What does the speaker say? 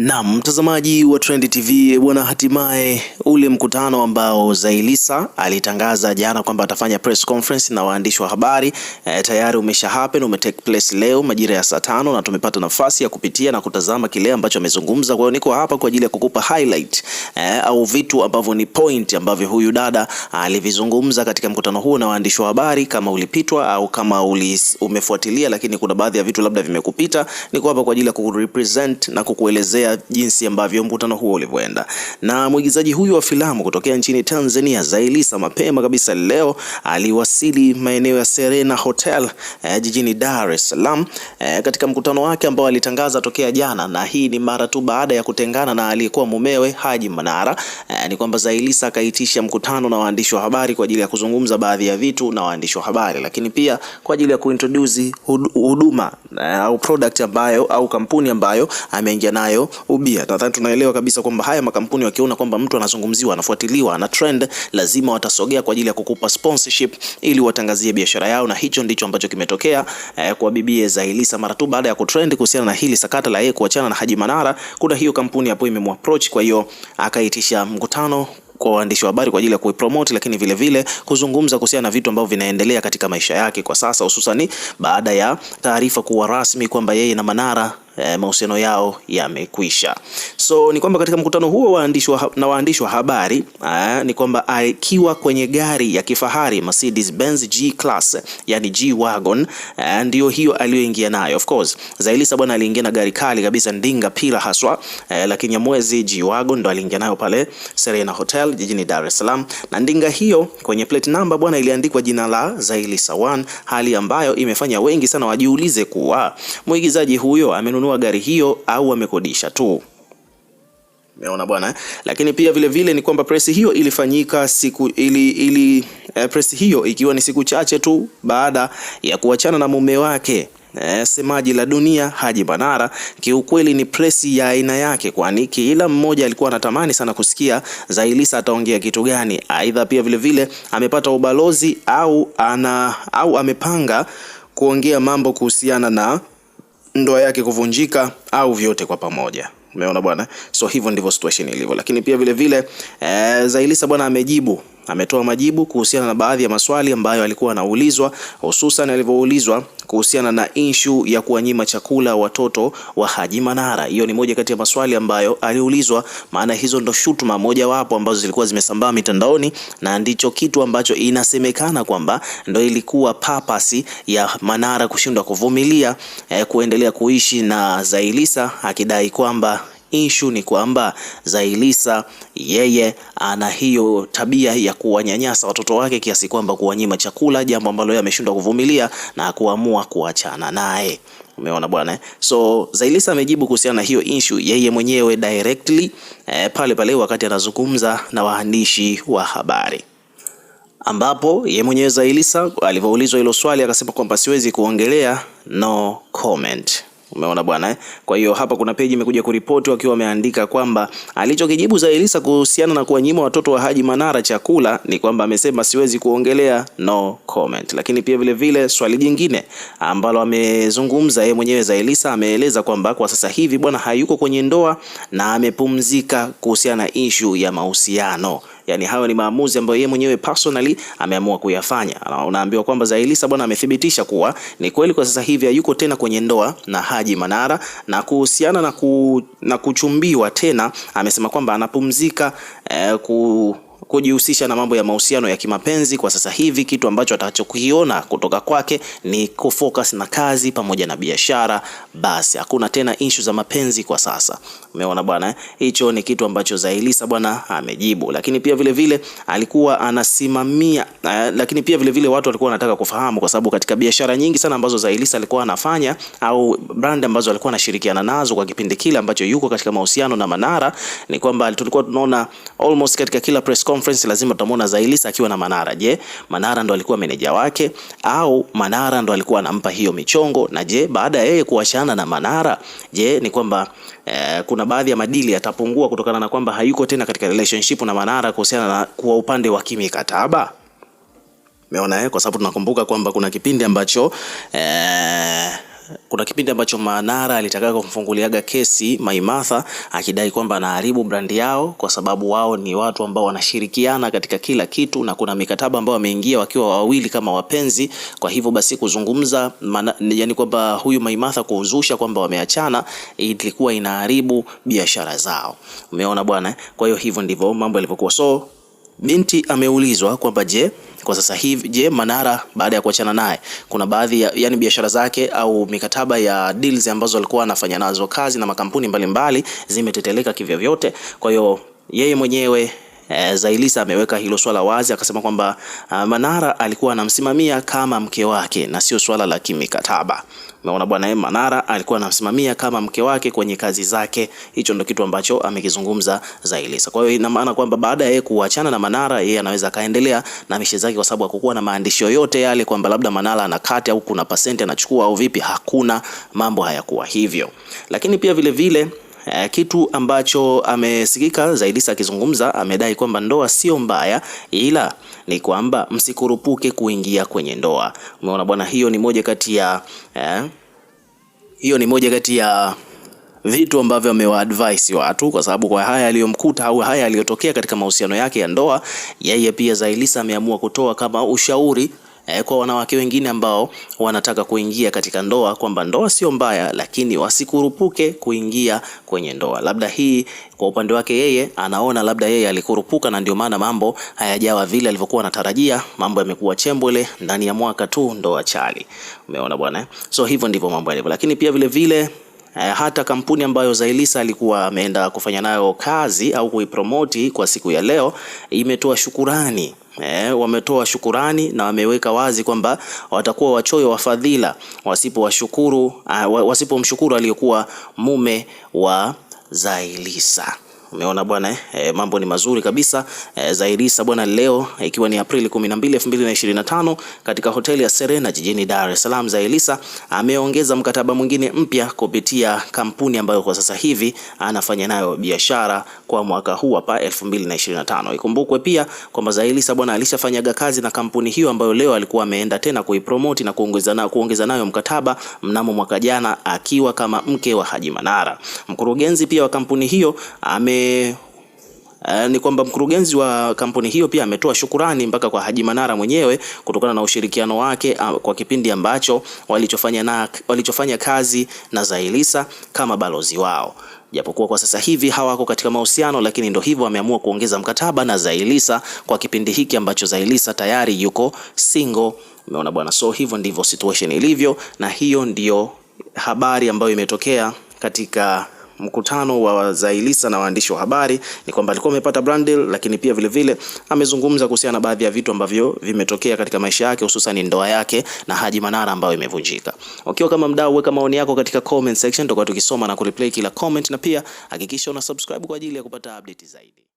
Naam, mtazamaji wa Trend TV bwana, hatimaye ule mkutano ambao Zailisa alitangaza jana kwamba atafanya press conference na waandishi wa habari e, tayari umesha happen, ume take place leo majira ya saa tano na tumepata nafasi ya kupitia na kutazama kile ambacho amezungumza. Kwa hiyo niko hapa kwa ajili ya kukupa highlight e, au vitu ambavyo ni point ambavyo huyu dada alivizungumza katika mkutano huo na waandishi wa habari. Kama ulipitwa au kama uli, umefuatilia, lakini kuna baadhi ya vitu labda vimekupita, niko hapa kwa ajili ya kukurepresent na kukuelezea kuelezea jinsi ambavyo mkutano huo ulivyoenda. Na mwigizaji huyu wa filamu kutokea nchini Tanzania Zailisa, mapema kabisa leo aliwasili maeneo ya Serena Hotel eh, jijini Dar es Salaam eh, katika mkutano wake ambao alitangaza tokea jana, na hii ni mara tu baada ya kutengana na aliyekuwa mumewe Haji Manara. Eh, ni kwamba Zailisa akaitisha mkutano na waandishi wa habari kwa ajili ya kuzungumza baadhi ya vitu na waandishi wa habari, lakini pia kwa ajili ya kuintroduce huduma eh, au product ambayo au kampuni ambayo ameingia nayo ubia. Nadhani tunaelewa kabisa kwamba haya makampuni wakiona kwamba mtu anazungumziwa, anafuatiliwa na trend, lazima watasogea kwa ajili ya kukupa sponsorship ili watangazie biashara yao, na hicho ndicho ambacho kimetokea eh, kwa bibie Zailisa mara tu baada ya kutrend kuhusiana na hili sakata la yeye kuachana na Haji Manara. Kuna hiyo kampuni hapo imemapproach, kwa hiyo akaitisha mkutano kwa waandishi wa habari kwa ajili ya kuipromote, lakini vile vile kuzungumza kuhusiana na vitu ambavyo vinaendelea katika maisha yake kwa sasa, hususani baada ya taarifa kuwa rasmi kwamba yeye na Manara eh, mahusiano yao yamekwisha. So ni kwamba katika mkutano huo waandishi na waandishi wa habari eh, ni kwamba akiwa kwenye gari ya kifahari Mercedes Benz G Class, yani G Wagon, eh, ndio hiyo aliyoingia nayo. Of course Zailisa bwana aliingia na gari kali kabisa ndinga pila haswa eh, lakini ya mwezi G Wagon ndo aliingia nayo pale Serena Hotel jijini Dar es Salaam, na ndinga hiyo kwenye plate number bwana iliandikwa jina la Zailisa One, hali ambayo imefanya wengi sana wajiulize kuwa mwigizaji huyo amenunua amenunua gari hiyo au amekodisha tu. Umeona bwana, eh? lakini pia vile vile ni kwamba press hiyo ilifanyika siku ili, ili eh, press hiyo ikiwa ni siku chache tu baada ya kuachana na mume wake eh, semaji la dunia Haji Manara. Kiukweli ni press ya aina yake, kwani kila mmoja alikuwa anatamani sana kusikia Zailisa ataongea kitu gani. Aidha pia vilevile vile, amepata ubalozi au, ana, au amepanga kuongea mambo kuhusiana na ndoa yake kuvunjika au vyote kwa pamoja. Umeona bwana, so hivyo ndivyo situation ilivyo, lakini pia vile vile, e, Zailisa bwana amejibu ametoa majibu kuhusiana na baadhi ya maswali ambayo alikuwa anaulizwa, hususan alivyoulizwa kuhusiana na inshu ya kuwanyima chakula watoto wa Haji Manara. Hiyo ni moja kati ya maswali ambayo aliulizwa, maana hizo ndo shutuma mojawapo ambazo zilikuwa zimesambaa mitandaoni na ndicho kitu ambacho inasemekana kwamba ndo ilikuwa papasi ya Manara kushindwa kuvumilia eh, kuendelea kuishi na Zailisa akidai kwamba Ishu ni kwamba Zailisa yeye ana hiyo tabia ya kuwanyanyasa watoto wake kiasi kwamba kuwanyima chakula, jambo ambalo yeye ameshindwa kuvumilia na kuamua kuachana naye. Umeona bwana eh? So Zailisa amejibu kuhusiana na hiyo issue yeye mwenyewe directly eh, pale pale wakati anazungumza na waandishi wa habari ambapo yeye mwenyewe Zailisa alivyoulizwa hilo swali akasema kwamba siwezi kuongelea, no comment. Umeona bwana eh? Kwa hiyo hapa kuna peji imekuja kuripoti wakiwa wameandika kwamba alichokijibu Zaiylissa kuhusiana na kuwanyima watoto wa Haji Manara chakula ni kwamba amesema siwezi kuongelea, no comment. Lakini pia vile vile swali jingine ambalo amezungumza yeye mwenyewe Zaiylissa, ameeleza kwamba kwa sasa hivi bwana hayuko kwenye ndoa na amepumzika kuhusiana na issue ya mahusiano yani hayo ni maamuzi ambayo yeye mwenyewe personally ameamua kuyafanya. Unaambiwa kwamba Zailisa bwana amethibitisha kuwa ni kweli kwa sasa hivi hayuko tena kwenye ndoa na Haji Manara, na kuhusiana na, ku, na kuchumbiwa tena amesema kwamba anapumzika eh, ku kujihusisha na mambo ya mahusiano ya kimapenzi kwa sasa hivi, kitu ambacho atachokiona kutoka kwake ni kufocus na kazi pamoja na biashara. Basi hakuna tena issue za mapenzi kwa sasa. Umeona bwana, eh? hicho ni kitu ambacho Zailisa bwana amejibu, lakini pia vile vile alikuwa anasimamia eh, lakini pia vile vile watu walikuwa wanataka kufahamu, kwa sababu katika biashara nyingi sana ambazo Zailisa alikuwa anafanya au brand ambazo alikuwa anashirikiana nazo kwa kipindi kile ambacho yuko katika mahusiano na Manara, ni kwamba tulikuwa tunaona almost katika kila press conference lazima tutamwona Zailisa akiwa na Manara. Je, Manara ndo alikuwa meneja wake au Manara ndo alikuwa anampa hiyo michongo? Na je, baada ya yeye kuwashana na Manara, je ni kwamba eh, kuna baadhi ya madili yatapungua kutokana na kwamba hayuko tena katika relationship na Manara kuhusiana na kwa upande wa kimikataba? Umeona eh, kwa sababu tunakumbuka kwamba kuna kipindi ambacho eh, kuna kipindi ambacho Manara alitaka kumfunguliaga kesi Maimatha akidai kwamba anaharibu brandi yao kwa sababu wao ni watu ambao wanashirikiana katika kila kitu na kuna mikataba ambayo wameingia wakiwa wawili kama wapenzi. Kwa hivyo basi kuzungumza mana, yani kwamba huyu Maimatha kuuzusha kwamba wameachana ilikuwa inaharibu biashara zao. Umeona bwana? Kwa hiyo hivyo ndivyo mambo yalivyokuwa so binti ameulizwa kwamba je, kwa sasa hivi je, Manara baada ya kuachana naye kuna baadhi ya yani biashara zake au mikataba ya deals ambazo alikuwa anafanya nazo kazi na makampuni mbalimbali zimeteteleka kivyovyote. Kwa hiyo yeye mwenyewe e, Zailisa ameweka hilo swala wazi, akasema kwamba ah, Manara alikuwa anamsimamia kama mke wake na sio swala la kimikataba. Umeona bwana, eh, Manara alikuwa anamsimamia kama mke wake kwenye kazi zake. Hicho ndo kitu ambacho amekizungumza Zailisa. Kwa hiyo ina maana kwamba baada ya yeye kuachana na Manara, yeye anaweza akaendelea na mishe zake, kwa sababu hakukuwa na maandishi yoyote yale kwamba labda Manara anakata au kuna pasenti anachukua au vipi. Hakuna, mambo hayakuwa hivyo, lakini pia vile vile, Eh, kitu ambacho amesikika Zaiylissa akizungumza, amedai kwamba ndoa sio mbaya, ila ni kwamba msikurupuke kuingia kwenye ndoa. Umeona bwana, hiyo ni moja kati ya eh, hiyo ni moja kati ya vitu ambavyo amewaadvise watu kwa sababu kwa haya aliyomkuta au haya aliyotokea katika mahusiano yake ya ndoa, yeye pia Zaiylissa ameamua kutoa kama ushauri eh, kwa wanawake wengine ambao wanataka kuingia katika ndoa kwamba ndoa sio mbaya, lakini wasikurupuke kuingia kwenye ndoa. Labda hii kwa upande wake yeye anaona labda yeye alikurupuka na ndio maana mambo hayajawa vile alivyokuwa anatarajia. Mambo yamekuwa chembole ndani ya mwaka tu, ndoa chali. Umeona bwana, eh? so hivyo ndivyo mambo yalivyo, lakini pia vile vile eh, hata kampuni ambayo Zailisa alikuwa ameenda kufanya nayo kazi au kuipromoti kwa siku ya leo imetoa shukurani Eh, wametoa shukurani na wameweka wazi kwamba watakuwa wachoyo wa fadhila wasipowashukuru, uh, ah, wasipomshukuru aliyekuwa mume wa Zailisa. Umeona bwana eh, mambo ni mazuri kabisa eh, Zairisa bwana leo ikiwa ni Aprili 12, 2025 katika hoteli ya Serena jijini Dar es Salaam, Zairisa ameongeza mkataba mwingine mpya kupitia kampuni ambayo kwa sasa hivi anafanya nayo biashara kwa mwaka huu hapa 2025. Ikumbukwe pia kwamba Zairisa bwana alishafanyaga kazi na kampuni hiyo ambayo leo alikuwa ameenda tena kuipromote na kuongeza na kuongeza nayo mkataba mnamo mwaka jana akiwa kama mke wa Haji Manara. Mkurugenzi pia wa kampuni hiyo ame Eh, ni kwamba mkurugenzi wa kampuni hiyo pia ametoa shukurani mpaka kwa Haji Manara mwenyewe kutokana na ushirikiano wake ah, kwa kipindi ambacho walichofanya, na, walichofanya kazi na Zailisa kama balozi wao japokuwa kwa sasa hivi hawako katika mahusiano, lakini ndo hivyo wameamua kuongeza mkataba na Zailisa kwa kipindi hiki ambacho Zailisa tayari yuko single. Umeona bwana, so hivyo ndivyo situation ilivyo, na hiyo ndiyo habari ambayo imetokea katika mkutano wa Zailisa na waandishi wa habari ni kwamba alikuwa amepata brand deal, lakini pia vile vile amezungumza kuhusiana na baadhi ya vitu ambavyo vimetokea katika maisha yake, hususan ndoa yake na Haji Manara ambayo imevunjika. Ukiwa kama mdau, weka maoni yako katika comment section, tutakuwa tukisoma na kureply kila comment, na pia hakikisha una subscribe kwa ajili ya kupata update zaidi.